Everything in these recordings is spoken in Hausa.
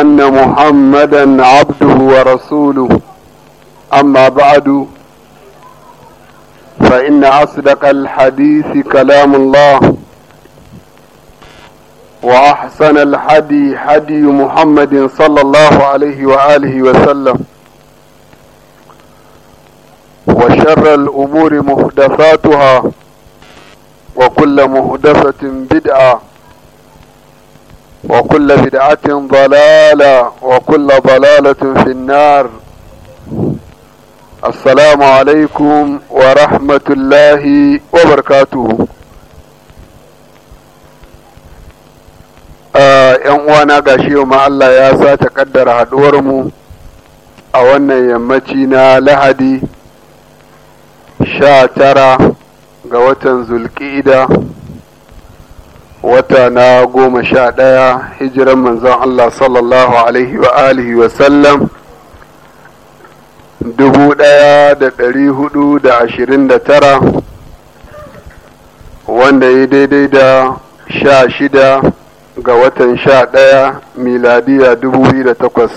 أن محمدا عبده ورسوله أما بعد فإن أصدق الحديث كلام الله وأحسن الحدي حدي محمد صلى الله عليه وآله وسلم وشر الأمور مهدفاتها وكل مهدفة بدعة وكل بدعة ضلالة وكل ضلالة في النار السلام عليكم ورحمة الله وبركاته ‘yan uwana gashi yau ma Allah ya sace haɗuwar haɗuwarmu a wannan yammaci na lahadi sha tara ga watan zulƙida wata na goma sha ɗaya hijiran manzon Allah sallallahu alaihi wa alihi wa sallam dubu ɗaya da ɗari hudu da ashirin da tara wanda ya daidai da sha shida ga watan sha ɗaya miladiya dubu biyu da takwas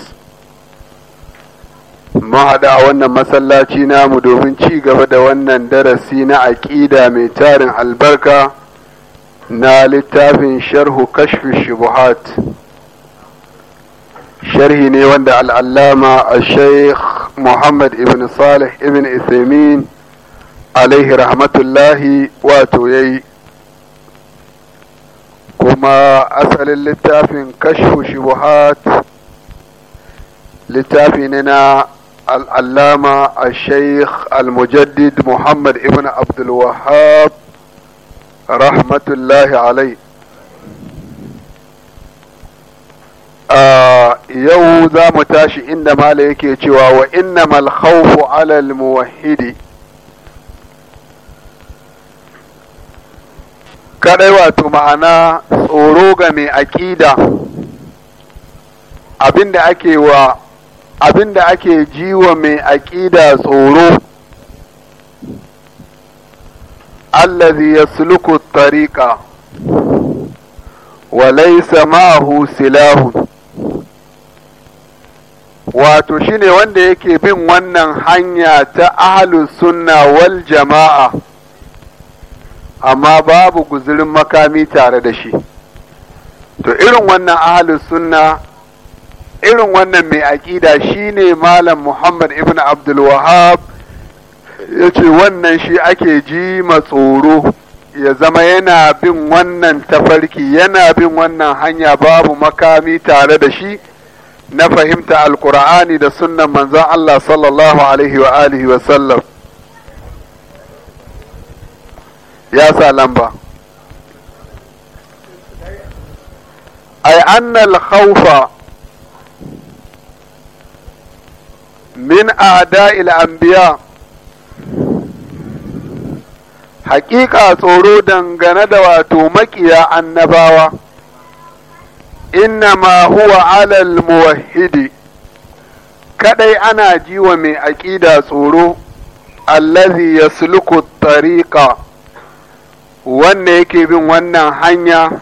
mahaɗa a wannan masallaci namu domin ci gaba da wannan darasi na aƙida mai tarin albarka نا لتاف شره كشف الشبهات شره نيوند العلامة الشيخ محمد ابن صالح ابن إثيمين عليه رحمة الله واتويي كما أسأل لتاف كشف الشبهات لتافننا العلامة الشيخ المجدد محمد ابن عبد الوهاب rahmatullahi alai a yau za mu tashi inda mala yake cewa wa innamal khawfu alal muwahhidi kadai wato ma'ana tsoro ga mai aƙida abinda ake wa abinda ake jiwa mai aƙida tsoro allazi yasluku tariqa wa laysa ma'ahu silahun wato shine wanda yake bin wannan hanya ta ahlus sunna wal jama'a amma babu guzurin makami tare da shi to irin wannan ahlus sunna irin wannan mai aƙida shine malam muhammad ibn abdul wahab ya ce wannan shi ake ji tsoro ya zama yana bin wannan tafarki yana bin wannan hanya babu makami tare da shi na fahimta alkur'ani da sunnan manzon Allah sallallahu alaihi wa alihi wa sallam ya sa lamba ay anna al-khawfa min a'da'il anbiya' haƙiƙa tsoro dangane da wato maƙiya annabawa innama huwa alal muwahhidi kadai ana jiwa mai aƙida tsoro allazi yasluku tariqa wanda yake bin wannan hanya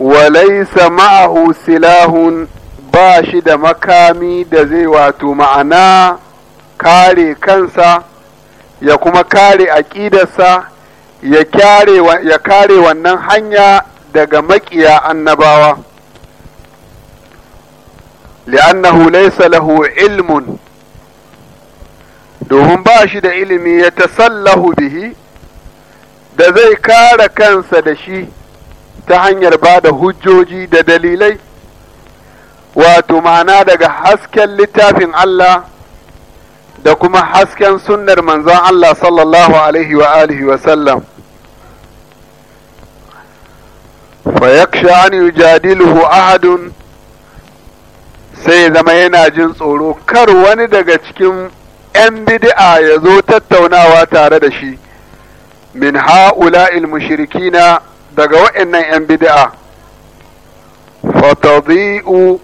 walaisa ma'ahu silahun ba shi da makami da zai wato ma'ana kare kansa ya kuma kare aƙidarsa ya kare wannan hanya daga maƙiya annabawa li'annahu laysa lahu ilmun domin ba shi da ilimi ya tasallahu bihi da zai kare kansa da shi ta hanyar ba da hujjoji da dalilai wato ma'ana daga hasken littafin Allah da kuma hasken sunnar manzon Allah sallallahu alaihi wa alihi wa sallam fayaksha an yujadiluhu ahadun sai zama yana jin tsoro kar wani daga cikin 'yan bid'a ya zo tattaunawa tare da shi min ha'ula'il mushrikina daga wa'annan 'yan bid'a fatadhi'u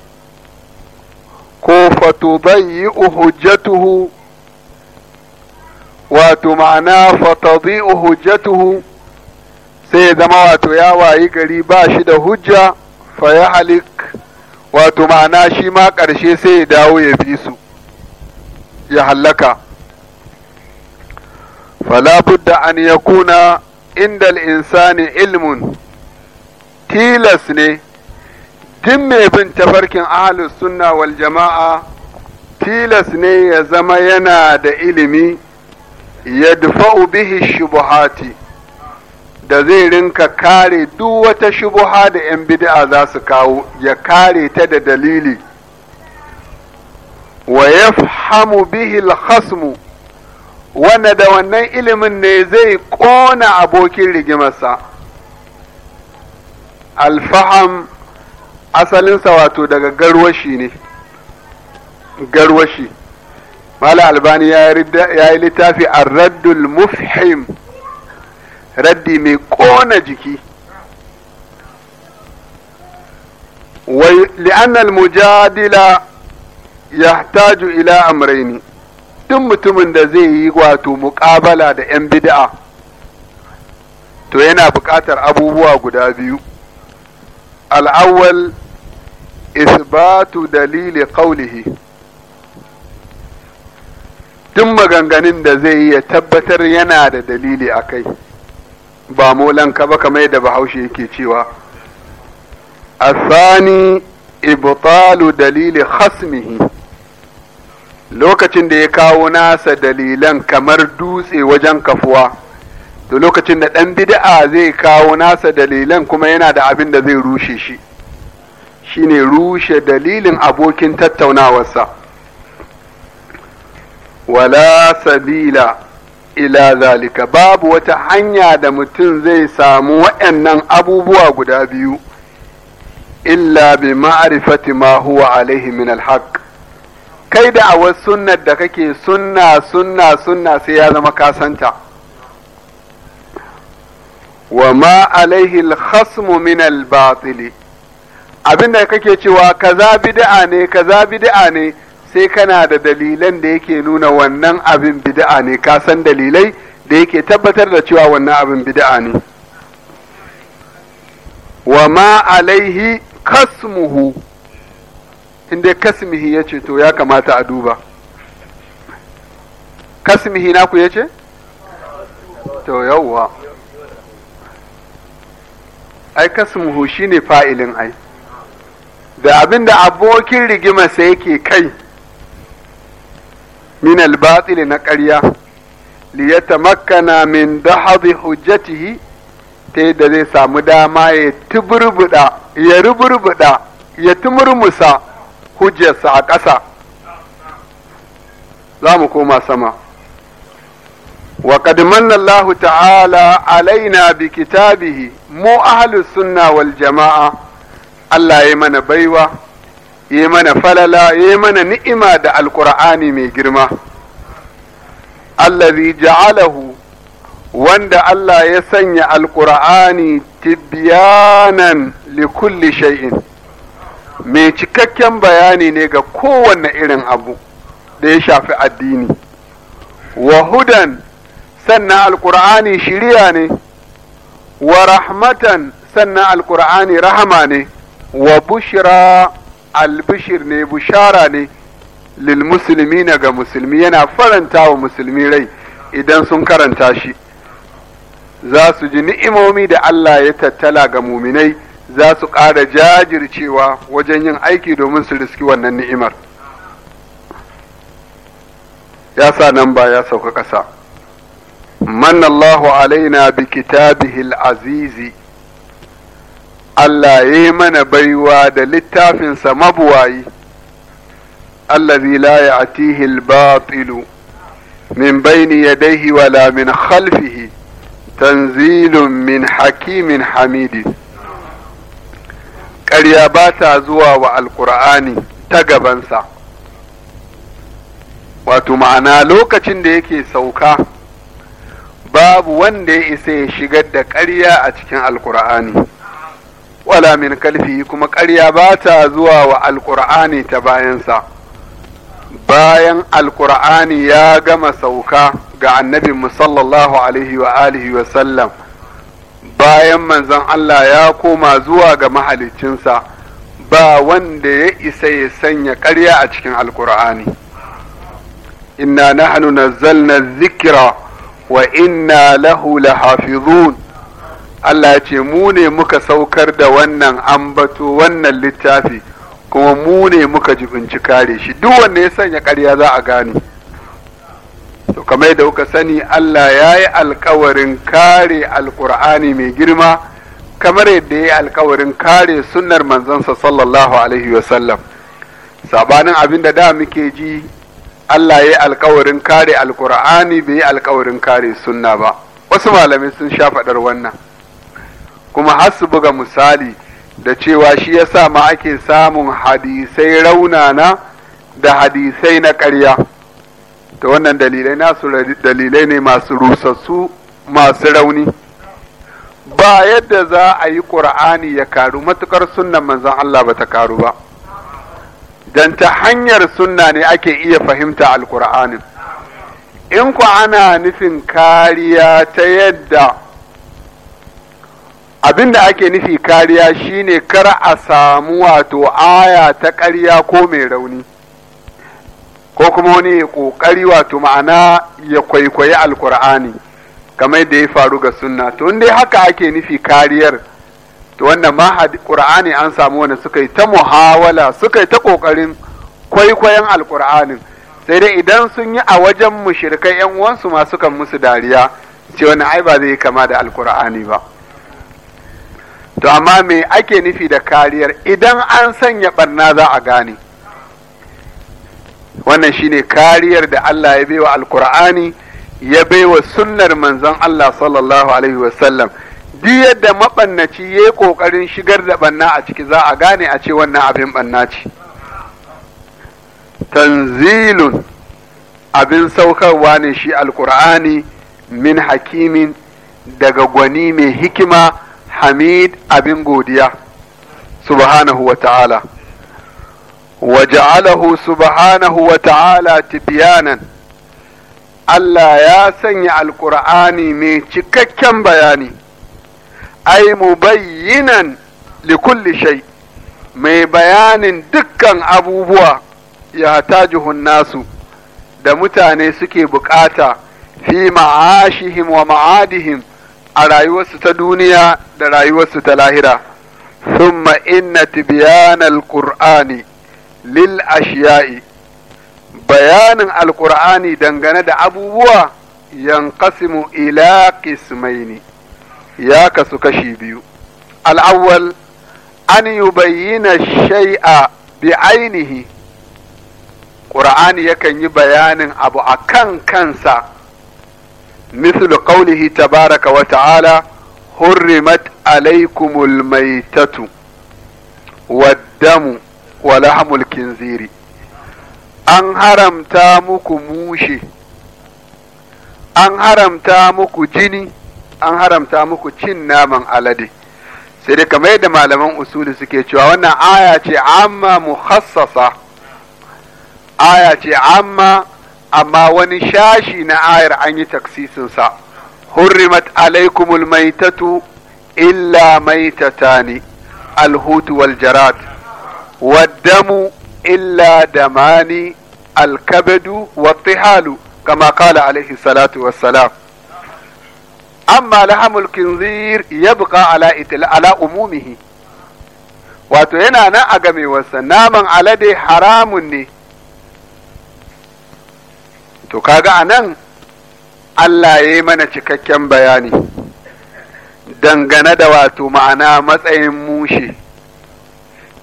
ko fatudayyi'u hujjatuhu wato ma'ana fatadhi'u hujjatuhu sai zama wato ya wayi gari ba shi da hujja fa ya halik wato ma'ana shi ma ƙarshe sai ya dawo ya bi su ya hallaka fala budda an yakuna inda insani ilmun tilas ne duk mai bin tafarkin ahalus sunna wal jama'a tilas ne ya zama yana da ilimi yadfa'u bihi shubuhati da zai rinka kare duk wata shubuha da 'yan bid'a za su kawo ya kare ta da dalili wa yafhamu bihi al-khasmu wanda da wannan ilimin ne zai ƙona abokin rigimarsa alfaham asalinsa wato daga garwashi ne garwashi mala albani ya yi littafi a raddul mufhim raddi mai ƙona jiki wai li'annal mujadila ya taju ila amraini duk mutumin da zai yi wato muƙabala da 'yan bid'a to yana buƙatar abubuwa guda biyu al'awwal isbatu dalili qawlihi duk maganganun da zai iya tabbatar yana da dalili a kai ba molanka ba kamar yadda bahaushe yake cewa asani ibtalu dalili hasmihi. lokacin da ya kawo nasa dalilan kamar dutse wajen kafuwa to lokacin da ɗan bid'a zai kawo nasa dalilan kuma yana da abin da zai rushe shi shine rushe dalilin abokin tattaunawarsa wala sabila ila zalika babu wata hanya da mutum zai samu waɗannan abubuwa guda biyu illa bi ma'rifati ma alaihi min alhaq kai da a wasu da kake sunna sunna sunna sai ya zama kasanta Wama ma alaihi alkhasmu min albatili abinda kake cewa kaza bid'a ne kaza bid'a ne sai kana da dalilan da yake nuna wannan abin bid'a ne ka san dalilai da yake tabbatar da cewa wannan abin bid'a ne wa ma alaihi kasmuhu inda kasmihi ya ce to ya kamata a duba kasmihi naku ya ce to yawwa ai kasmuhu shine fa'ilin ai da abin da abokin rigimarsa yake kai min albatil na ƙarya liyatamakkana min dahadhi hujjatihi ta da zai samu dama ya tuburbuda ya ruburbuda ya tumurmusa hujjarsa a ƙasa za mu koma sama وقد من الله تعالى علينا بكتابه مو أهل السنة والجماعة الله يمن بيوه yi mana falala yi mana ni'ima da alkur'ani mai girma allazi ja'alahu wanda Allah ya sanya alkur'ani tibyanan li kulli shay'in mai cikakken bayani ne ga kowanne irin abu da ya shafi addini wa hudan sannan alkur'ani shiriya ne wa rahmatan sannan alkur'ani rahama ne wa bushira. albishir ne bushara ne lil musulmi na ga musulmi yana faranta wa musulmi rai idan sun karanta shi za su ji ni'imomi da Allah ya tattala ga muminai za su ƙara jajircewa wajen yin aiki domin su riski wannan ni'imar ya sa nan ba ya sauka ƙasa manallahu alaina bi kitabihil azizi Allah ya yi mana baiwa da littafinsa mabuwayi, allazi la ya'tihi al-batilu min bayni yadayhi wala min khalfihi tanzilun min hakimin hamidi. Ƙarya ba ta zuwa wa Alƙur'ani ta gabansa, wato ma'ana lokacin da yake sauka babu wanda ya isa ya shigar da ƙarya a cikin Alƙur'ani. wala min kalfi kuma ƙarya ba ta zuwa wa alƙur'ani ta bayansa bayan alƙur'ani ya gama sauka ga annabi sallallahu alaihi wa alihi wa sallam bayan manzon Allah ya koma zuwa ga mahalicinsa ba wanda ya isa ya sanya ƙarya a cikin alƙur'ani inna nahnu nazzalna dhikra wa inna lahu lahafizun Allah ya ce mu ne muka saukar da wannan ambato wannan littafi kuma mu ne muka jibinci kare shi duk wanda ya sanya ƙarya za a gane to kamar da kuka sani Allah ya yi alkawarin kare alkur'ani mai girma kamar yadda ya yi alkawarin kare sunnar manzansa sallallahu alaihi wasallam sabanin abin da da muke ji Allah ya yi alkawarin kare alkur'ani bai yi alkawarin kare sunna ba wasu malamai sun sha faɗar wannan kuma har su buga misali da cewa shi ya sa ma ake samun hadisai raunana da hadisai na ƙarya ta wannan dalilai nasu dalilai ne masu rusassu masu rauni ba yadda za a yi ƙur'ani ya karu matuƙar sunnan manzon Allah ba ta karu ba don ta hanyar sunna ne ake iya fahimta alƙur'anin in ku ana nufin kariya ta yadda abin da ake nufi kariya shine kar a samu wato aya ta ƙarya ko mai rauni ko kuma wani ƙoƙari wato ma'ana ya kwaikwayi alkur'ani kamar da ya faru ga sunna to dai haka ake nufi kariyar to wannan ma qur'ani an samu wani suka yi ta muhawala suka yi ta ƙoƙarin kwaikwayon alkur'anin sai dai idan sun yi a wajen mushirikai, yan uwansu ma sukan musu dariya ce wani ai ba zai kama da alkur'ani ba to amma me ake nufi da kariyar idan an sanya barna za a gane wannan shine kariyar da Allah ya baiwa alkur'ani ya baiwa sunnar manzon Allah sallallahu alaihi wasallam Di yadda mabannaci ya yi ƙoƙarin shigar da ɓanna a ciki za a gane a ce wannan abin ɓanna ce tanzilun abin saukarwa ne shi alkur'ani min hakimin daga gwani mai hikima hamid abin godiya subhanahu wa ta'ala wa ja'alahu subhanahu wa ta'ala tibyanan Allah ya sanya alƙur'ani mai cikakken bayani ai mubayyinan likulli shay mai bayanin dukkan abubuwa ya tajuhun nasu da mutane suke buƙata fi ma'ashihim wa ma'adihim a rayuwarsu ta duniya da rayuwarsu ta lahira thumma inna tibyan alqur'ani lil ashiya'i bayanin alqur'ani dangane da abubuwa yanqasimu ila qismaini ya kasu kashi biyu al'awwal an yubayyana shay'a bi ainihi qur'ani yakan yi bayanin abu a kan kansa مثل قوله تبارك وتعالى حرمت عليكم الميتة والدم ولحم الكنزير an haramta muku mushe an haramta muku jini an haramta muku cin naman alade sai dai kamar yadda malaman usuli suke cewa wannan aya ce amma mukhassasa aya ce amma amma wani shashi na ayar an yi taksisinsa hurrimat alaikumul maitatu illa maitatani alhutu wal jarat والدم إلا دمان الكبد والطحال كما قال عليه الصلاة والسلام أما لحم الكنزير يبقى على إتل ala أمومه wato yana nan a gamewarsa naman alade haramun ne to kaga anan Allah ya yi mana cikakken bayani dangane da wato ma'ana matsayin mushe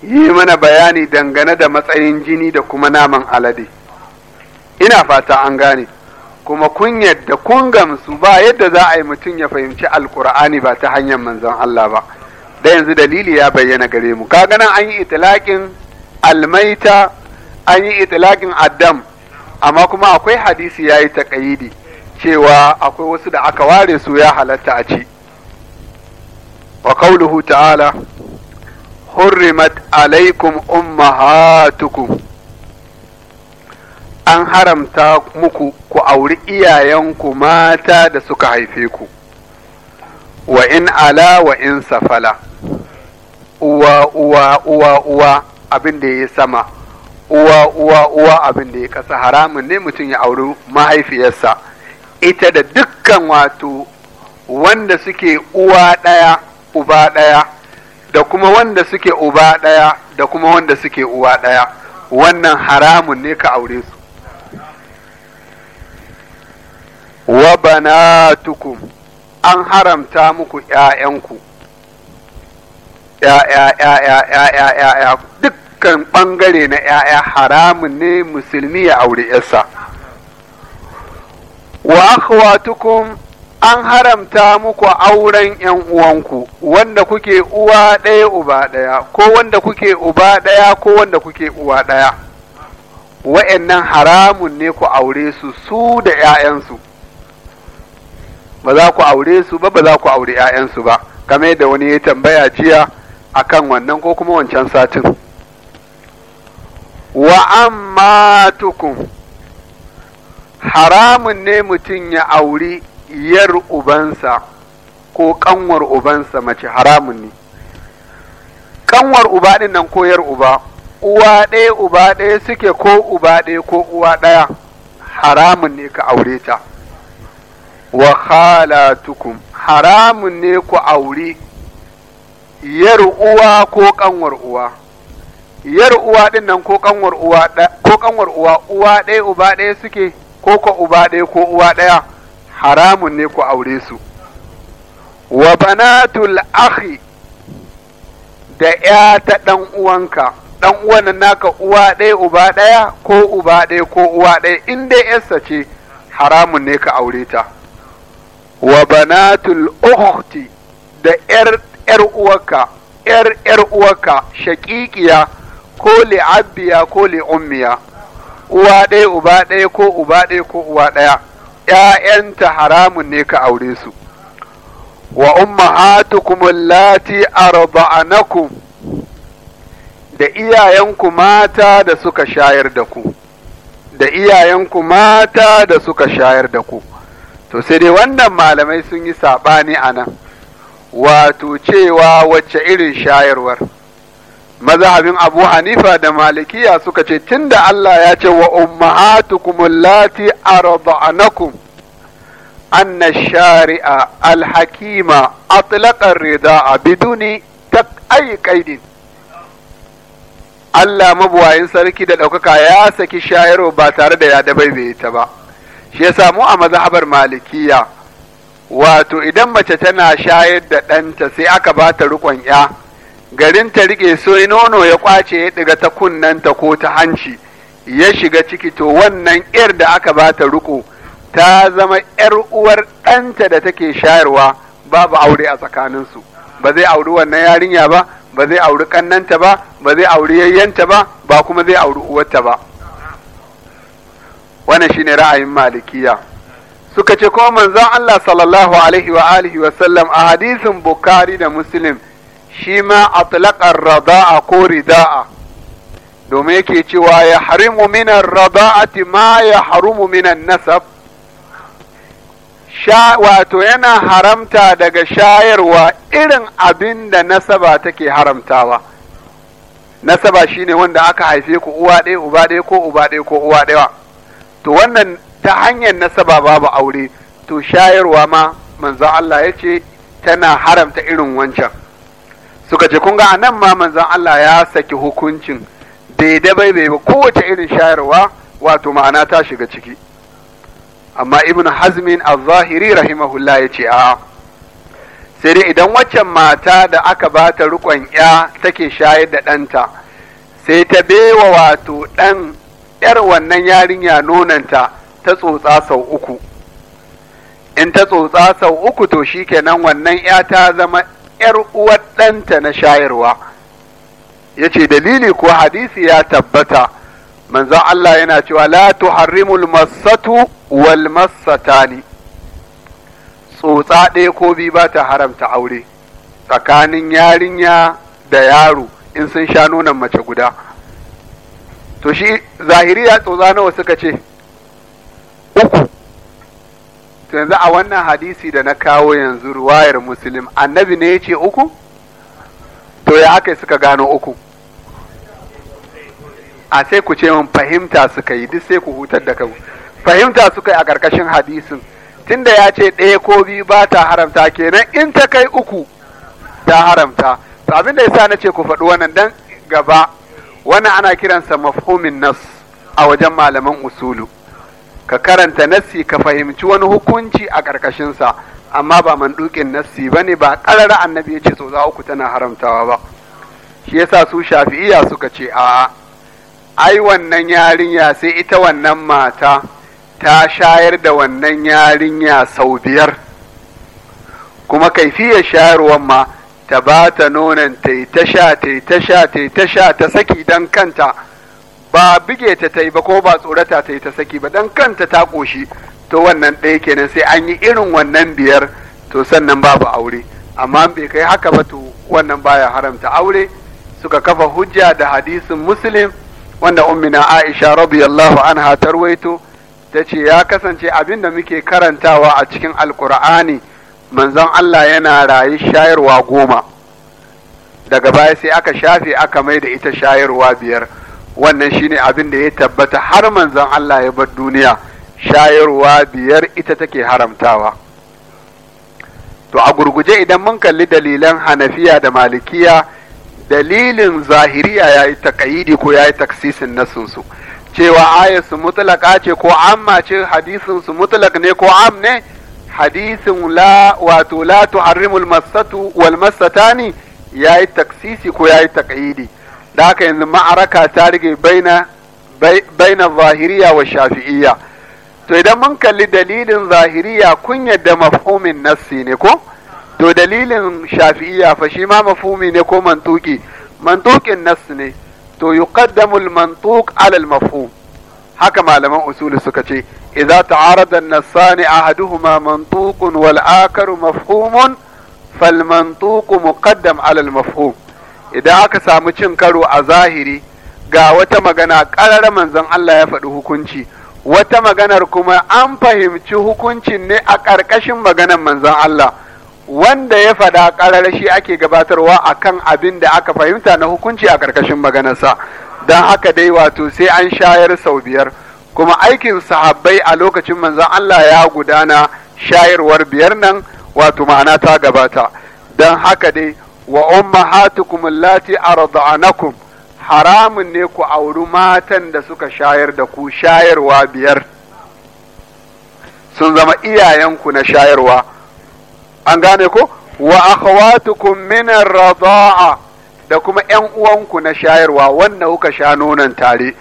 yi mana bayani dangane da matsayin jini da kuma naman alade ina fata an gane kuma kun yadda kun gamsu ba yadda za a yi mutum ya fahimci alkur'ani ba ta hanyar manzon Allah ba da yanzu dalili ya bayyana gare mu kaga nan an yi itilakin almaita an yi itilakin addam amma kuma akwai hadisi ya yi taƙayidi cewa akwai wasu da aka ware su ya halatta a ci wa kauluhu ta'ala hurrimat alaikum ummahatukum an haramta muku ku auri iyayenku mata da suka haife ku wa in ala wa in safala uwa uwa uwa uwa abin da ya sama uwa uwa uwa abin da ya kasa haramun ne mutum ya auri mahaifiyarsa ita da dukkan wato wanda suke uwa ɗaya uba ɗaya da kuma wanda suke uba ɗaya da kuma wanda suke uwa ɗaya wannan haramun ne ka aure su wa banatukum an haramta muku ‘ya'yanku, ‘ya'ya, ‘ya'ya, ‘ya'ya, ‘ya'ya, duk dukkan ɓangare na 'ya'ya haramun ne musulmi ya auri 'yarsa wa akhwatukum an haramta muku auren ‘yan uwanku, wanda kuke uwa ɗaya uba ɗaya, ko wanda kuke uba ɗaya ko wanda kuke uwa ɗaya, wa'yannan haramun ne ku aure su su da ‘ya'yansu, ba za ku aure su ba, ba za ku aure ‘ya'yansu ba, game yadda wani ya tambaya jiya akan wannan ko kuma wancan satin. wa ammatukum haramun ne mutum ya auri yar ubansa ko kanwar ubansa mace haramun ne kanwar uba nan ko yar uba uwa ɗaya uba ɗaya suke ko uba ɗaya ko uwa ɗaya haramun ne ka aure ta wa khalatukum haramun ne ku auri yar uwa ko kanwar uwa yar uwa din nan ko kanwar uwa ko kanwar uwa uwa ɗaya uba ɗaya suke ko ko uba ɗaya ko uwa ɗaya haramun ne ku aure su wa banatul akhi da ya ta dan uwanka dan uwan naka uwa ɗaya uba ɗaya ko uba ɗaya ko uwa ɗaya in dai yarsa ce haramun ne ka aure ta wa banatul ukhti da yar yar uwarka yar yar uwarka shaqiqiya ko li abbiya ko li ummiya. uwa ɗaya uba ɗaya ko uba ɗaya ko uwa ɗaya ‘ya'yanta haramun ne ka aure su wa ummahatukum allati arba'anakum da iyayenku mata da suka shayar da ku da iyayenku mata da suka shayar da ku to sai dai wannan malamai sun yi saɓani a nan wato cewa wacce irin shayarwar mazhabin Abu Hanifa da Malikiya suka ce tunda Allah ya ce wa ummahatukum allati arda'anakum أن الشارع الحكيم أطلق الرداء بدون تك أي قيد Allah mabuwayin sarki da ɗaukaka ya saki shayaro ba tare da ya dabaibaye ba, shi ya samu a mazhabar malikiya, wato idan mace tana shayar da ɗanta sai aka ba ta riƙon ‘ya, garin ta riƙe sai nono ya kwace ya ɗiga ta kunnanta ko ta hanci ya shiga ciki to wannan 'yar da aka ba ta riƙo ta zama 'yar uwar ɗanta da take shayarwa babu aure a tsakaninsu ba zai auri wannan yarinya ba ba zai auri kannanta ba ba zai auri yayyanta ba ba kuma zai auri uwarta ba wannan shine ra'ayin malikiya suka ce ko manzon Allah sallallahu alaihi wa alihi wa sallam a hadisin Bukhari da Muslim shi ma a atlaqar rada'a ko rida'a domin yake cewa ya harimu minan rada'ati ma ya harimu minan nasab wato yana haramta daga shayarwa irin abin da nasaba take haramtawa nasaba shine wanda aka haife ku uwa ɗaya uba ɗaya ko uba ɗaya ko uwa ɗaya to wannan ta hanyar nasaba babu aure to shayarwa ma manzo Allah ya ce tana haramta irin wancan suka ce kun ga a nan ma manzon Allah ya saki hukuncin daidai bai bai ba kowace irin shayarwa wato ma'ana ta shiga ciki amma ibn hazmin al-zahiri rahimahullah ya ce a sai dai idan waccan mata da aka ba ta rikon ya take shayar da ɗanta sai ta bewa wato ɗan ‘yar wannan yarinya nonanta ta tsotsa sau uku in ta tsotsa sau uku to shi kenan wannan ‘ya ta zama ‘yar uwar ɗanta na shayarwa ya ce dalili ko hadisi ya tabbata manzon Allah yana cewa la tuharrimul masatu wal masatani tsotsa ɗaya ko biyu ba ta haramta aure tsakanin yarinya da yaro in sun sha nonon mace guda to shi zahiriya tsotsa nawa suka ce uku to yanzu a wannan hadisi da na kawo yanzu ruwayar muslim annabi ne ya ce uku to ya aka suka gano uku a sai ku ce min fahimta suka yi duk sai ku hutar da kanku fahimta suka yi a ƙarƙashin hadisin tunda ya ce ɗaya ko biyu ba ta haramta kenan in ta kai uku ta haramta to abin da yasa na ce ku faɗi wannan dan gaba wannan ana kiransa mafhumin nas a wajen malaman usulu ka karanta nassi ka fahimci wani hukunci a ƙarƙashinsa amma ba manduƙin nassi ba ne ba ƙarara annabi ya ce sau za uku tana haramtawa ba shi yasa su shafi'iya suka ce a ai wannan yarinya sai ita wannan mata ta shayar da wannan yarinya sau biyar kuma kaifiyar shayarwar ma ta ba ta nonon ta yi ta sha ta yi ta sha ta yi ta sha ta saki don kanta ba bige ta ta yi ba ko ba tsorata ta yi ta saki ba dan kanta ta ƙoshi to wannan ɗaya kenan sai an yi irin wannan biyar to sannan babu aure amma bai kai haka ba to wannan baya haramta aure suka kafa hujja da hadisin muslim wanda ummina aisha radiyallahu anha tarwaito ta ce ya kasance abin da muke karantawa a cikin alkur'ani manzon allah yana rayu shayarwa goma daga baya sai aka shafe aka mai da ita shayarwa biyar wannan shine abin da ya tabbata har manzon Allah ya bar duniya shayarwa biyar ita take haramtawa to a gurguje idan mun kalli dalilan hanafiya da malikiya dalilin zahiriya ya yi taƙayidi ko ya yi taksisin nasinsu cewa ayarsu mutlaka ce ko amma ce su mutlak ne ko am ne hadisin la wato la tuharrimul massatu wal ya yi taksisi ko ya yi taƙayidi da haka yanzu ma'araka ta rige baina zahiriya wa shafi'iyya to idan mun kalli dalilin zahiriya kun yadda mafhumin nassi ne ko to dalilin shafi'iyya fa shi ma mafhumi ne ko mantuki mantukin nass ne to yuqaddamu al-mantuq ala al-mafhum haka malaman usuli suka ce idza ta'arada an-nassani ahaduhuma mantuqun wal akaru mafhumun فالمنطوق مقدم على المفهوم idan aka samu cin karo a zahiri ga wata magana ƙarar manzon Allah ya faɗi hukunci wata maganar kuma an fahimci hukuncin ne a ƙarƙashin maganar manzon Allah wanda ya faɗa ƙarar shi ake gabatarwa a kan abin da aka fahimta na hukunci a ƙarƙashin maganarsa don haka dai wato sai an shayar sau biyar kuma aikin sahabbai a lokacin manzon Allah ya gudana shayarwar biyar nan wato ma'ana ta gabata don haka dai wa ummahatukum allati arda'anakum haramun ne ku auri matan da suka shayar da ku shayarwa biyar sun zama iyayenku na shayarwa an gane ko wa akhawatukum min ar-rida'a da kuma ƴan uwanku na shayarwa wanda kuka sha nonon tare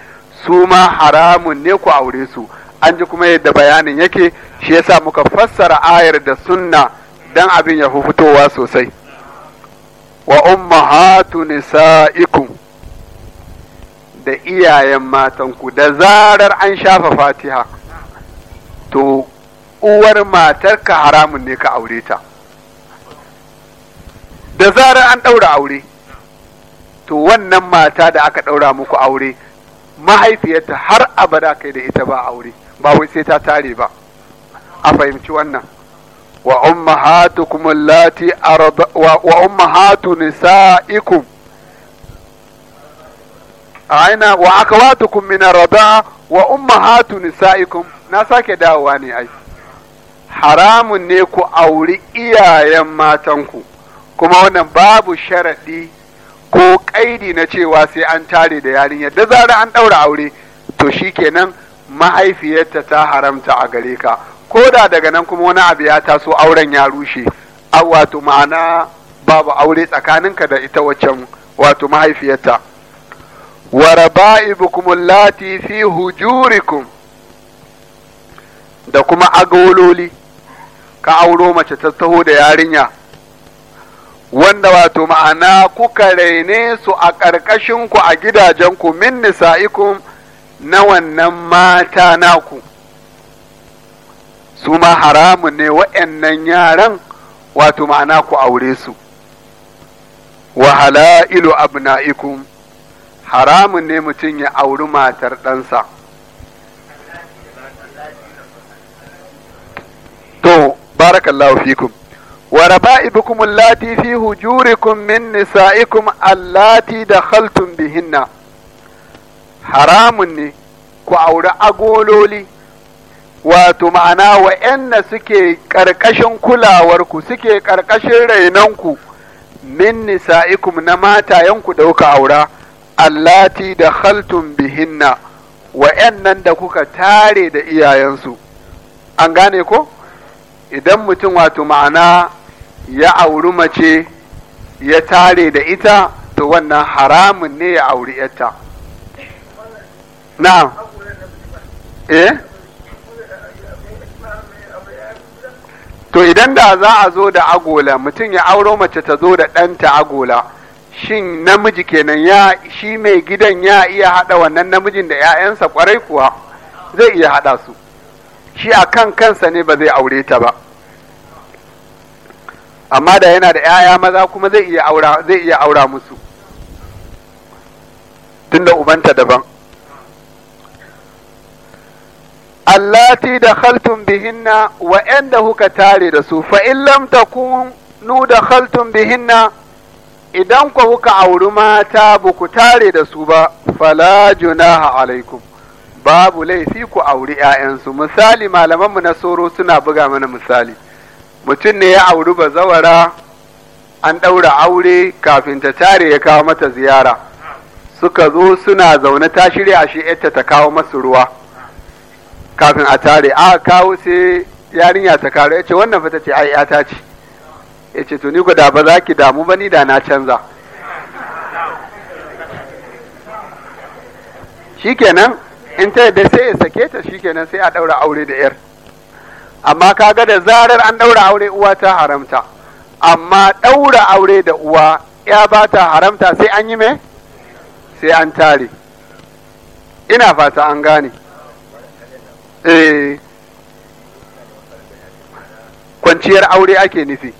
su ma haramun ne ku aure su an ji kuma yadda bayanin yake shi yasa muka fassara ayar da sunna dan abin ya fitowa sosai wa ummahatu nisa'ikum da iyayen matanku da zarar an shafa fatiha to uwar matarka haramun ne ka aure ta da zarar an ɗaura aure to wannan mata da aka ɗaura muku aure mahaifiyarta har abada kai da ita ba aure ba wai sai ta tare ba a fahimci wannan wa ummahatukum allati arda nisaikum aina wa akhawatukum wa ummahatu nisaikum ne haramun ne ku auri iyayen matanku kuma wannan babu sharaɗi ko ƙaidi na cewa sai an tare da yarinya da zarar an ɗaura aure to shi shikenan mahaifiyarta ta haramta a gare ka Koda daga nan kuma wani abu ya taso auren ya rushe wato ma'ana babu aure tsakaninka da ita waccan wato mahaifiyarta wa raba'ibukum allati fi hujurikum da kuma agololi ka auro mace ta taho da yarinya wanda wato ma'ana kuka raine su a ƙarƙashinku a gidajenku min nisa'ikum na wannan mata naku su ma haramun ne wayannan yaran wato ma'ana ku aure su wa halailu abna'ikum haramun ne mutum ya auri matar ɗansa to barakallahu fikum wa raba'ibukum lati fi hujurikun min nisa'ikum allati dakhaltum bihinna haramun ne ku auri agololi wato ma'ana wa'yanna suke ƙarƙashin kulawarku suke ƙarƙashin rainonku min nisa'ikum na matayenku da kuka aura allati da haltun bihinna wa'yannan da kuka tare da iyayensu an gane ko idan mutum wato ma'ana ya auri mace ya tare da ita to wannan haramun ne ya auri yatta na'am eh to idan da za a zo da agola mutum ya auro mace ta zo da ɗanta agola shin namiji kenan ya shi mai gidan ya iya haɗa wannan namijin da 'ya'yansa kwarai kuwa zai iya haɗa su shi a kan kansa ne ba zai aure ta ba amma da yana da 'ya'ya maza kuma zai iya aura musu. Tun da musu ubanta daban allati da khaltun bihinna wa'yanda kuka tare da su fa in lam takunu da khaltun bihinna idan ku kuka auri mata ba ku tare da su ba fala junaha alaikum babu laifi ku auri 'ya'yansu misali malaman mu na soro suna buga mana misali mutum ne ya auri bazawara an ɗaura aure kafin ta tare ya kawo mata ziyara suka zo suna zaune ta shirya a shi ta kawo masu ruwa kafin a tare a kawo sai yarinya ta karo ya ce wannan fita ce ai yata ce ya ce to ni ba za ki damu ba ni da na canza shikenan in ta yadda sai ya sake ta shikenan sai a ɗaura aure da yar amma kaga da zarar an ɗaura aure uwa ta haramta amma ɗaura aure da uwa ya ba ta haramta sai an yi me sai an tare ina fata an gane eh kwanciyar aure ake nufi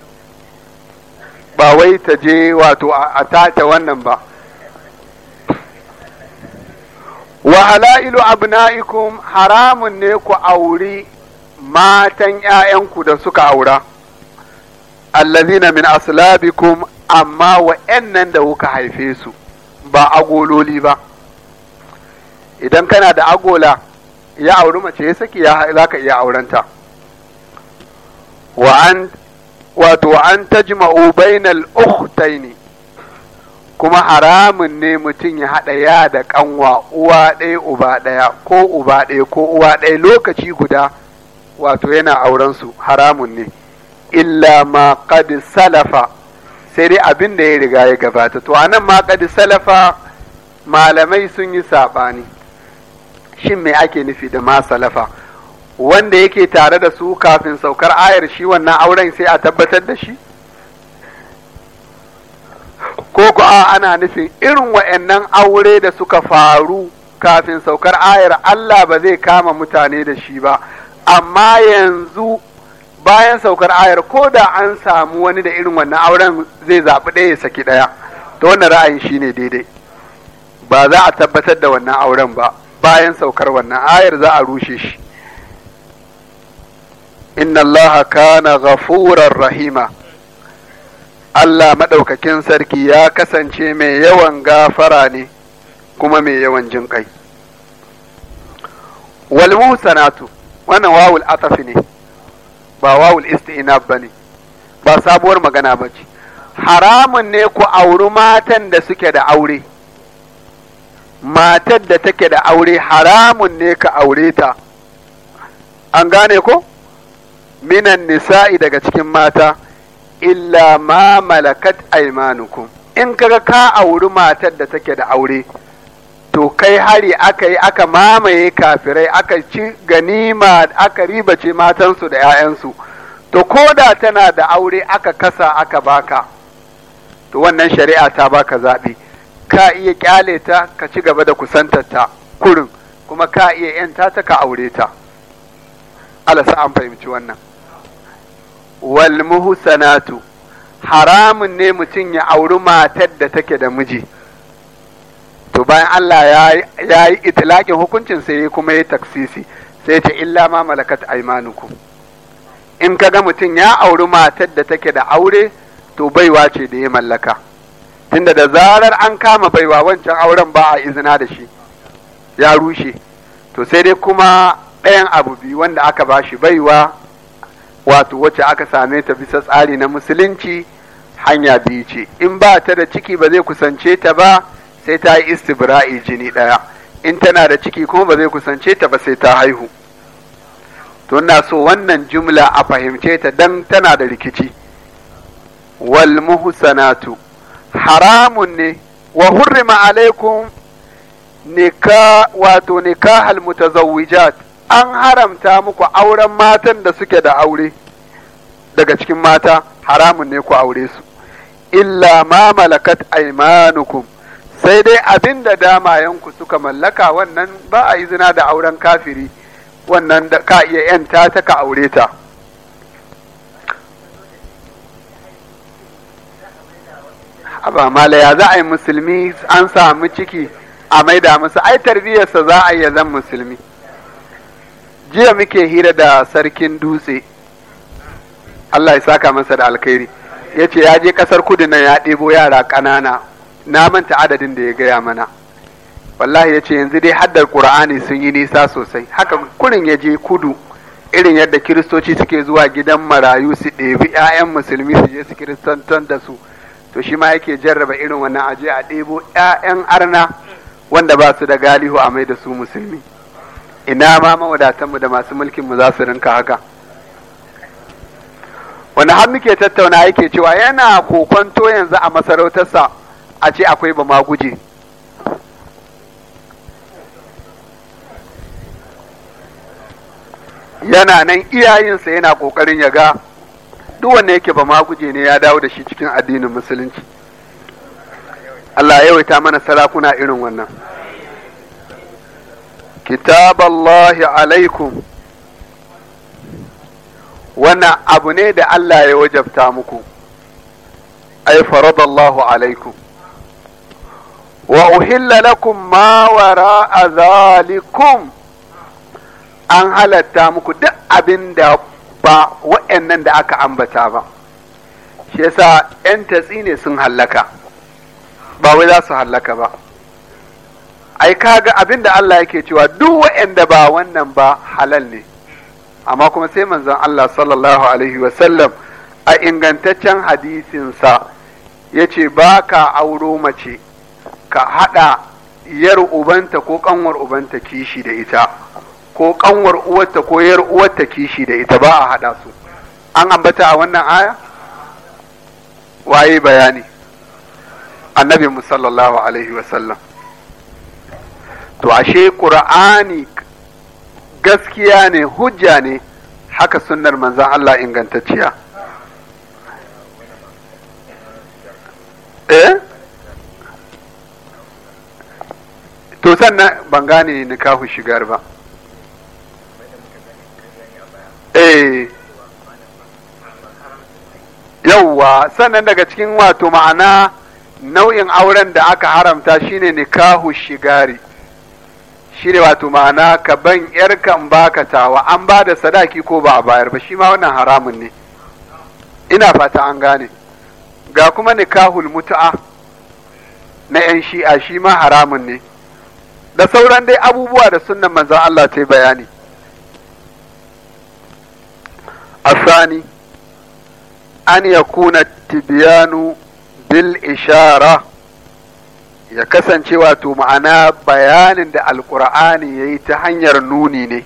ba wai ta je wato a tata wannan ba wa hala'ilu abna'ikum haramun ne ku auri matan ‘ya'yanku da suka aura allazina min aslabikum amma wa'yannan da kuka haife su ba agololi ba idan kana da agola ya auri mace ya saki za ka iya aurenta wato an tajma'u bainal ukhtaini kuma haramun ne mutum ya haɗa ya da ƙanwa uwa ɗaya uba ɗaya ko uba ɗaya ko uwa ɗaya lokaci guda wato yana aurensu haramun ne illa ma qad salafa sai dai abin da ya riga ya gabata to anan ma qad salafa malamai sun yi saɓani shin me ake nufi da masalafa wanda yake tare da su kafin saukar ayar shi wannan auren sai a tabbatar da shi ko ku ana nufin irin wa'annan aure da suka faru kafin saukar ayar Allah ba zai kama mutane da shi ba amma yanzu bayan saukar ayar ko da an samu wani da irin wannan auren zai zaɓi ɗaya ya saki ɗaya to wannan ra'ayin shine daidai ba za a tabbatar da wannan auren ba bayan saukar wannan ayar za a rushe shi inna allaha kana ghafurar rahima Allah maɗaukakin sarki ya kasance mai yawan gafara ne kuma mai yawan jin kai wannan wawul atafi ne, ba wawul isti'inab ba ne, ba sabuwar magana ba ce, haramun ne ku auri matan da suke da aure. matar da take da aure haramun ne ka aure ta an gane ko minan nisa'i daga cikin mata illa ma malakat aimanukum in kaga ka auri matar da take da aure to kai hari aka yi aka mamaye kafirai aka ci ganima aka ribace matansu da 'ya'yansu to ko da tana da aure aka kasa aka baka to wannan shari'a ta baka zaɓi ka iya kyale ta ka ci gaba da kusantar ta kurin kuma ka iya yanta ta ka aure ta alasa an fahimci wannan wal muhsanatu haramun ne mutum ya auri matar da take da miji to bayan Allah ya yi itilakin hukuncin sai ya kuma ya taksisi sai ta illa ma malakat aimanukum in kaga mutum ya auri matar da take da aure to baiwa ce da ya mallaka tunda da zarar an kama baiwa wancan auren ba a izina da shi ya rushe to sai dai kuma ɗayan abu biyu wanda aka ba shi baiwa wato wacce aka same ta bisa tsari na musulunci hanya biyu ce in ba ta da ciki ba zai kusance ta ba sai ta yi istibra'i jini ɗaya in tana da ciki kuma ba zai kusance ta ba sai ta haihu to na so wannan jumla a fahimce ta dan tana da rikici wal muhsanatu haramun ne wa hurrima alaikum nika wato nikahal mutazawwijat an haramta muku auren matan da suke da aure daga cikin mata haramun ne ku aure su illa ma malakat aimanukum sai dai abin da damayenku suka mallaka wannan ba a yi zina da auren kafiri wannan da ka iya yanta ta ka aure ta ba mala ya za a yi musulmi an samu ciki a maida musu ai tarbiyyarsa za a yi zan musulmi jiya muke hira da sarkin dutse Allah ya saka masa da alkhairi ya ce ya je kasar kudu nan ya ɗebo yara ƙanana na manta adadin da ya gaya mana wallahi ya ce yanzu dai haddar qur'ani sun yi nisa sosai haka kurin ya je kudu irin yadda kiristoci suke zuwa gidan marayu su ɗebi 'ya'yan musulmi su je su kiristantar da su to shi ma yake jarraba irin wannan aje a ɗebo 'ya'yan arna wanda ba su da galihu a mai da su musulmi ina ma mawadatanmu da masu mulkinmu za su rinka haka wani har muke tattauna yake cewa yana kokonto yanzu a masarautarsa a ce akwai ba ma guje? yana nan iyayensa yana ƙoƙarin ya ga duk wanda yake ba ma guje ne ya dawo da shi cikin addinin musulunci Allah ya yawaita mana sarakuna irin wannan Allah alaikum wannan abu ne da Allah ya wajabta muku ai Allah alaikum wa uhilla lakum ma wara zalikum an halatta muku duk abin da ba wa'annan da aka ambata ba shi yasa 'yan tatsi ne sun hallaka ba wai za su hallaka ba ai kaga abin da Allah yake cewa duk wa'anda ba wannan ba halal ne amma kuma sai manzon Allah sallallahu alaihi wasallam a ingantaccen hadisinsa ya ce ba ka auro mace ka haɗa yar ubanta ko ƙanwar ubanta kishi da ita ko ƙanwar uwarta ko yar uwarta kishi da ita ba a hada su an ambata a wannan aya waye bayani annabi mu sallallahu alaihi wasallam to ashe qur'ani gaskiya ne hujja ne haka sunnar manzan Allah ingantacciya eh to sannan ban gane nikahu shigar ba eh yauwa sannan daga cikin wato ma'ana nau'in auren da aka haramta shine nikahu shigari ne wato ma'ana ka ban yarka in baka tawa an ba da sadaki ko ba a bayar ba shi ma wannan haramun ne ina fata an gane ga kuma nikahul mutu'a na 'yan shi'a shi ma haramun ne da sauran dai abubuwa da sunan manzon Allah ta yi bayani A sani, الثاني أن يكون bil ishara. ya kasance wato ma'ana bayanin da alkur'ani ya yi ta hanyar nuni ne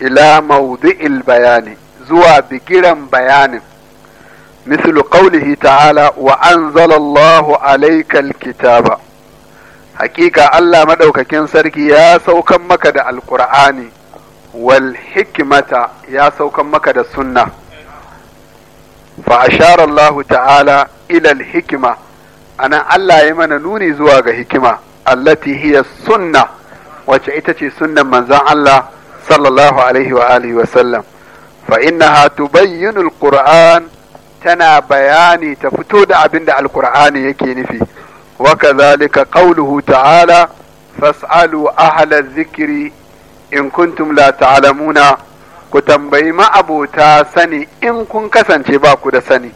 ila maudu'il bayani zuwa bigiran bayanin mislu qawlihi ta'ala wa anzalallahu alaikal kitaba hakika Allah maɗaukakin sarki ya saukan maka da alkur'ani wal hikimata ya sauka maka da sunna fa ashara Allah ta'ala ilal hikima anan Allah ya mana nuni zuwa ga hikima allati hiya sunna wacce ita ce sunnan manzon Allah sallallahu alaihi wa alihi wa sallam fa innaha tubayyinu alquran tana bayani ta fito da abinda da alqur'ani yake nufi wa kadhalika qawluhu ta'ala fas'alu ahla zikiri. in kuntum la ta'lamuna ku tambayi ma'abota sani in kun kasance ba ku da sani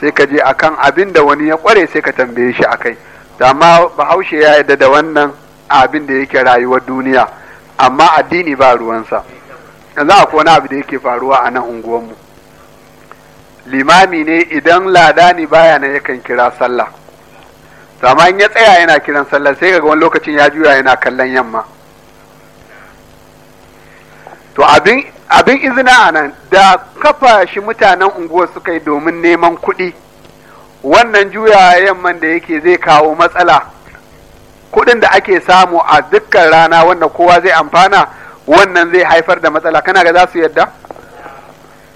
sai ka je akan abin da wani ya kware sai ka tambaye shi akai amma bahaushe ya yarda da wannan abin da yake rayuwar duniya amma addini ba ruwansa yanzu akwai wani abu da yake faruwa a nan unguwanmu limami ne idan ladani baya nan yakan kira sallah amma in ya tsaya yana kiran sallah sai ga wani lokacin ya juya yana kallon yamma to abin abin izina a nan da kafa shi mutanen unguwar suka yi domin neman kuɗi wannan juya yamman da yake zai kawo matsala kuɗin da ake samu a dukkan rana wanda kowa zai amfana wannan zai haifar da matsala kana ga za su yadda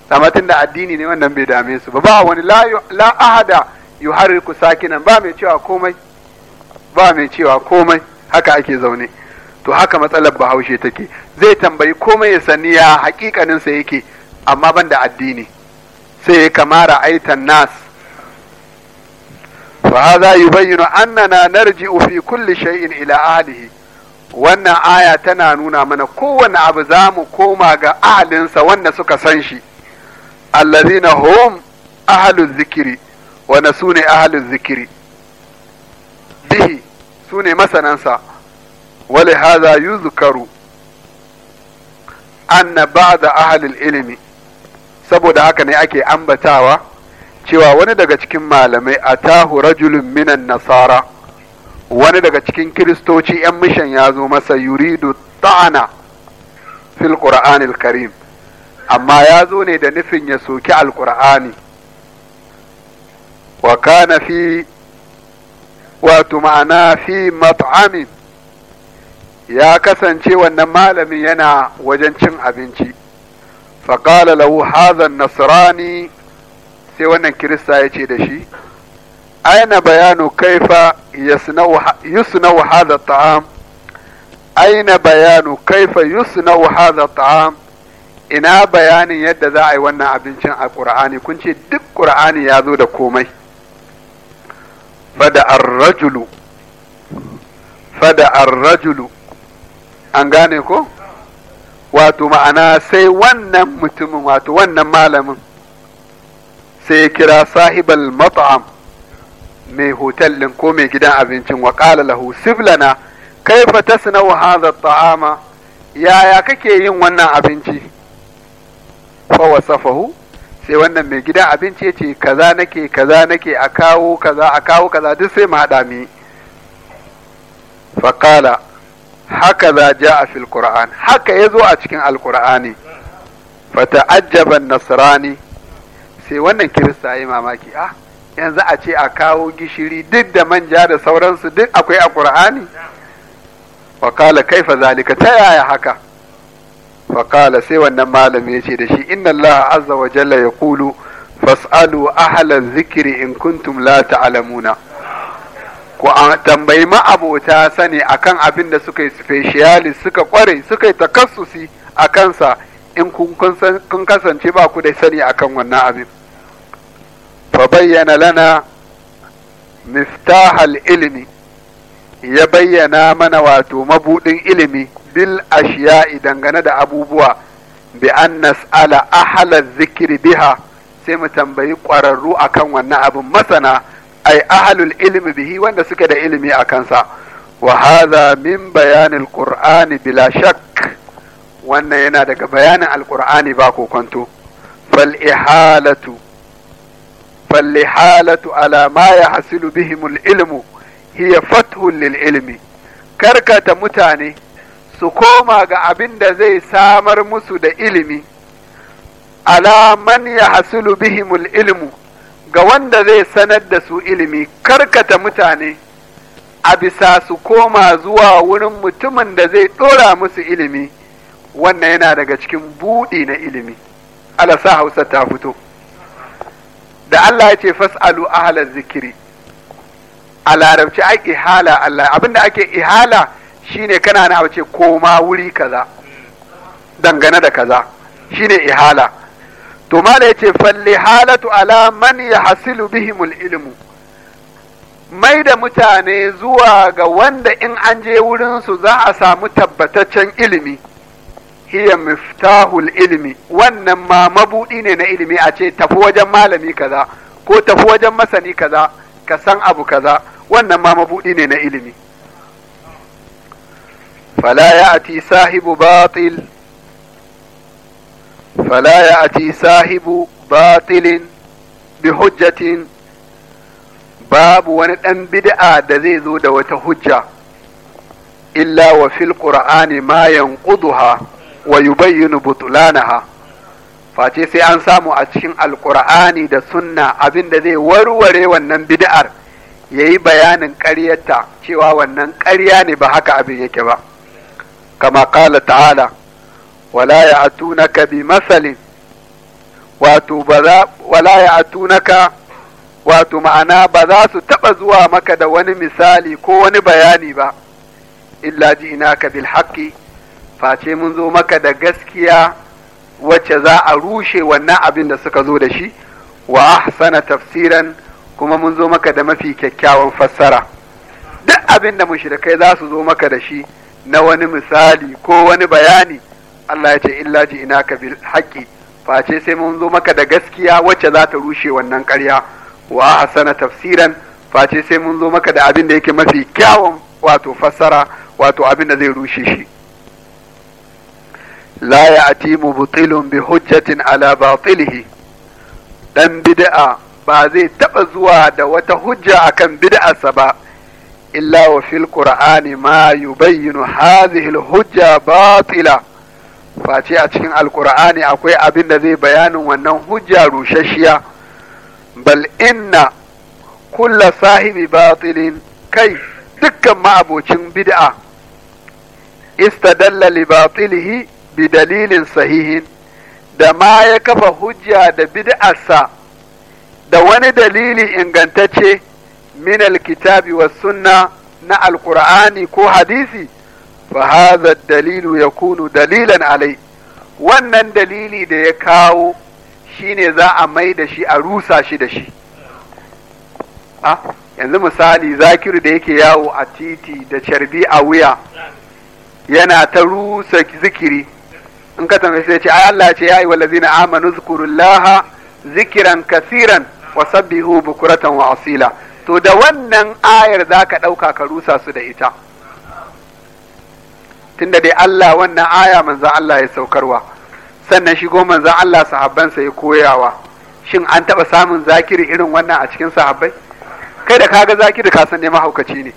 samatin da addini ne wannan bai dame su ba ba wani la ahada yuharriku sakinan ba mai ba mai cewa komai haka ake zaune to haka matsalar bahaushe take zai tambayi komai ya sani ya hakikaninsa yake amma ban da addini sai ya kamara aitan nas fa hadha bayyana. annana narji fi kulli shay'in ila ahlihi wannan aya tana nuna mana kowane abu za mu koma ga ahalinsa wanda suka san shi allazina hum ahalun zikiri wanda su ne zikiri bihi su ne masanansa ولهذا يذكر أن بعض أهل العلم saboda haka ne ake ambatawa cewa wani daga cikin malamai a tahu rajulun minan nasara wani daga cikin kiristoci 'yan mishan ya zo masa yuridu ta'ana fil qur'anil karim amma ya zo ne da nufin ya soki alqur'ani wa kana fi wato ma'ana fi mat'amin ya kasance wannan malamin yana wajen cin abinci faƙala lahu hazan nasrani sai wannan kirista ya ce da shi aina bayanu kaifa yusnau hadha ta'am aina bayanu kaifa yusnau hadha ta'am ina bayanin yadda za a yi wannan abincin a ƙur'ani kun ce duk ƙur'ani ya zo da komai fada ar-rajulu fada ar-rajulu an gane ko wato ma'ana sai wannan mutumin wato wannan malamin sai ya kira sahibal mat'am mai hotel ɗin ko mai gidan abincin wa ƙala lahu siblana kaifa tasna'u hadha ta'ama yaya kake yin wannan abinci fa safahu sai wannan mai gidan abinci yace kaza nake kaza nake a kawo kaza a kawo kaza duk sai mu haɗa mi haka za ja a fil Qur'an haka ya zo a cikin alkur'ani fata ajaban nasrani sai wannan kirista ya mamaki ah yanzu a ce a kawo gishiri duk da manja da sauransu duk akwai a ƙur'ani faƙala kaifa zalika ta yaya haka faƙala sai wannan malami ya ce da shi inna allaha azza wa jalla ya kulu fas'alu ahalan zikiri in kuntum la ta'lamuna ku tambayi ma'abota sani akan abin da suka yi specialis suka kware suka yi takassusi a kansa in kun kasance ba ku da sani akan wannan abin fa bayyana lana miftahal ilimi ya bayyana mana wato mabudin ilimi bil idan dangane da abubuwa bi an nas'ala ahala zikiri biha sai mu tambayi ƙwararru akan wannan abin masana ay ahlul ilmi bihi wanda suke da ilimi a kansa wa hadha min bayanil qur'ani bila shak wannan yana daga bayanin alqur'ani ba kokonto fal ihalatu fal ihalatu ala ma yahsilu bihim al ilmu hiya fathu lil ilmi karkata mutane su koma ga abin da zai samar musu da ilimi ala man yahsulu bihim al ilmu ga wanda zai sanar da su ilimi karkata mutane a bisa su koma zuwa wurin mutumin da zai ɗora musu ilimi wannan yana daga cikin buɗi na ilimi alasa hausa ta fito da Allah ya ce fas'alu ahla zikiri a larabci ai ihala Allah abinda ake ihala shine kana na ce koma wuri kaza dangane da kaza shine ihala to mala yace falli halatu ala man yahsilu bihimul ilmu mai da mutane zuwa ga wanda in an je wurin su za a samu tabbataccen ilimi hiya miftahul ilimi wannan ma mabuɗi ne na ilimi a ce tafi wajen malami kaza ko tafi wajen masani kaza ka san abu kaza wannan ma mabuɗi ne na ilimi fala ya'ti sahibu batil فلا يأتي صاحب باطل بحجة باب ونتن بدعة دزيز دوت حجة إلا وفي القرآن ما ينقضها ويبين بطلانها face sai an samu a cikin alkur'ani da sunna abin da zai warware wannan bid'ar ya yi bayanin ƙaryarta cewa wannan ƙarya ne ba haka abin yake ba kama ƙala ta'ala wala ya atunaka bi masalin wato ma'ana ba su taɓa zuwa maka da wani misali ko wani bayani ba illa ji ina ka bil haƙƙi face mun zo maka da gaskiya wacce za a rushe wannan abin da suka zo da shi wa ahsana tafsiran kuma mun zo maka da mafi kyakkyawan fassara duk abin da mushrikai za su zo maka da shi na wani misali ko wani bayani Allah ya ce illa ji ina ka bil haƙƙi. face sai mun zo maka da gaskiya wacce za ta rushe wannan ƙarya wa hasana tafsiran face sai mun zo maka da abin da yake mafi kyawun wato fassara wato abin da zai rushe shi la mu mubtilun bi hujjatin ala batilihi dan bid'a ba zai taba zuwa da wata hujja akan bid'arsa ba illa wa fil qur'ani ma yubayyinu hadhihi al hujja batila face a cikin alkur'ani akwai abin da zai bayanin wannan hujja rushashiya bal inna kulla sahibi batilin kai dukkan ma'abocin bid'a istadalla li batilihi bi dalilin sahihin da ma ya kafa hujja da bid'arsa da wani dalili ingantacce min alkitabi was sunna na alkur'ani ko hadisi fa hadha dalilu yakunu dalilan alai wannan dalili da ya kawo shine za a mai da shi a rusa shi da shi yanzu misali zakiru da yake yawo a titi da carbi a wuya yana ta rusa zikiri in ka tambaye sai ce ai Allah ce ya ayyuhal ladzina amanu zkurullaha zikiran kasiran wa sabbihu bukuratan wa asila to da wannan ayar zaka dauka ka rusa su da ita tunda dai Allah wannan aya manzan Allah ya saukarwa sannan shigo manzan Allah sahabbansa ya koyawa shin an taɓa samun zakiri irin wannan a cikin sahabbai kai da kaga zakiri ka san neman haukaci ne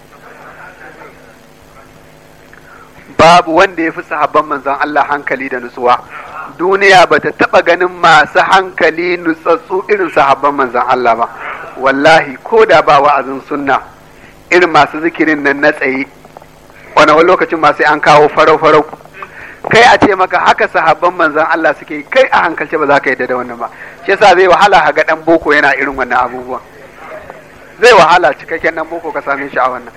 babu wanda ya fi sahabban manzan Allah hankali da nutsuwa duniya ba ta taɓa ganin masu hankali nutsatsu irin sahabban manzan Allah ba wallahi ko da ba wa'azin sunna irin masu zikirin nan na tsaye wani wani lokacin ma sai an kawo farau-farau kai a ce maka haka sahabban manzan Allah suke kai a hankalce ba za ka yadda da wannan ba shi yasa zai wahala haga dan boko yana irin wannan abubuwan zai wahala cikakken dan boko ka same shi a wannan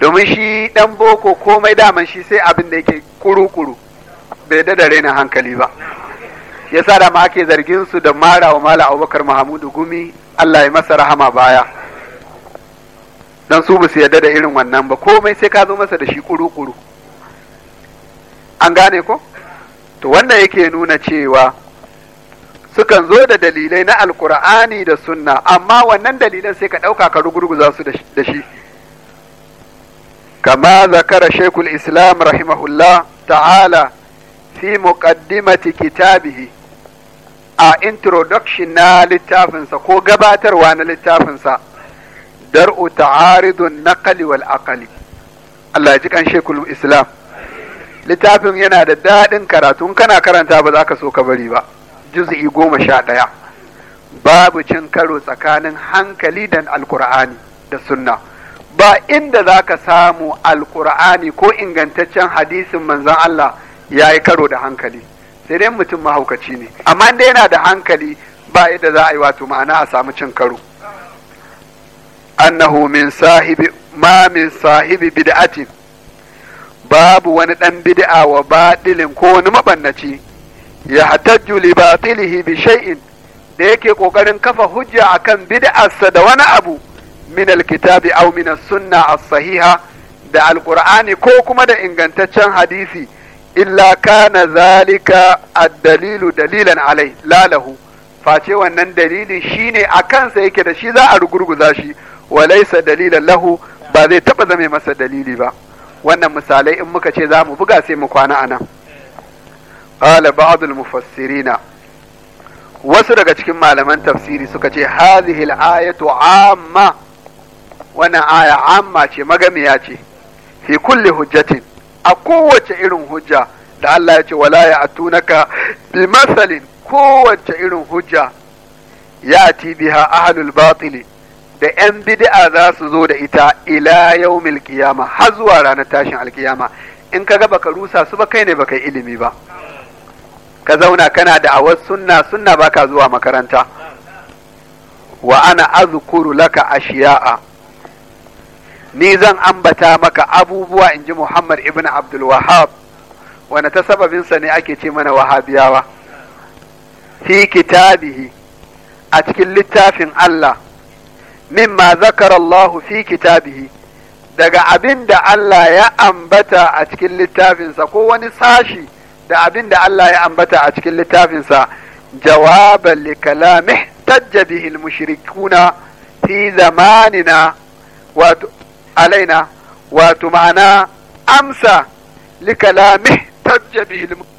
domin shi dan boko komai daman shi sai abin da yake kuru-kuru bai da raina hankali ba yasa da ma ake zargin su da mara wa mala abubakar mahamudu gumi Allah ya masa rahama baya dan su basu yarda da irin wannan ba komai sai ka zo masa da shi kuru-kuru an gane ko to wannan yake nuna cewa sukan zo da dalilai na alkur'ani da sunna amma wannan dalilan sai ka ɗauka ka rugurguza su da shi kama zakara shekul islam rahimahullah ta'ala fi muqaddimati kitabihi a introduction na littafinsa ko gabatarwa na littafinsa dar'u ta'aridun naqali wal aqali Allah ji kan shekul islam littafin yana da daɗin karatu kana karanta ba za ka so ka bari ba juz'i goma sha ɗaya babu cin karo tsakanin hankali da alkur'ani da sunna ba inda za ka samu alqur'ani ko ingantaccen hadisin manzon Allah ya yi karo da hankali sai dai mutum mahaukaci ne amma inda yana da hankali ba inda za a yi wato ma'ana a samu cin karo annahu sahibi ma min sahibi bid'atin babu wani ɗan bid'a wa batilin ko wani mabannaci ya hatajju li da yake ƙoƙarin kafa hujja akan bid'arsa da wani abu Minal kitabi aw min sunna as-sahiha da alqur'ani ko kuma da ingantaccen hadisi illa kana zalika a dalilu dalilan alai la face wannan dalilin shine akan sa yake da shi za a rugurguza shi wa laysa dalilan lahu ba zai taba zame masa dalili ba wannan misalai in muka ce za mu buga sai mu kwana anan qala ba'd mufassirina wasu daga cikin malaman tafsiri suka ce hadhihi al-ayatu amma wannan aya amma ce magamiya ce fi kulli hujjatin a kowace irin hujja da Allah ya ce wala ya atunaka bi masalin kowace irin hujja ya'ti biha ahlul batili da ‘yan bid'a za su zo da ita ila yaumil qiyama har zuwa ranar tashin alkiyama in ka ga baka rusa su ba kai ne baka ilimi ba ka zauna kana da awar sunna sunna baka zuwa makaranta wa ana azkuru laka ashiya'a ni zan ambata maka abubuwa in ji Muhammad ibn Abdul Wahab wani ta sababinsa ne ake ce mana wahabiyawa fi kitabihi a cikin littafin Allah mimma zakara Allahu fi kitabihi daga abin da Allah ya ambata a cikin littafinsa ko wani sashi da abin da Allah ya ambata a cikin littafinsa jawaban li kalamih tajja bihi al-mushrikuna fi zamanina wato alaina wato ma'ana amsa li kalamih tajja bihi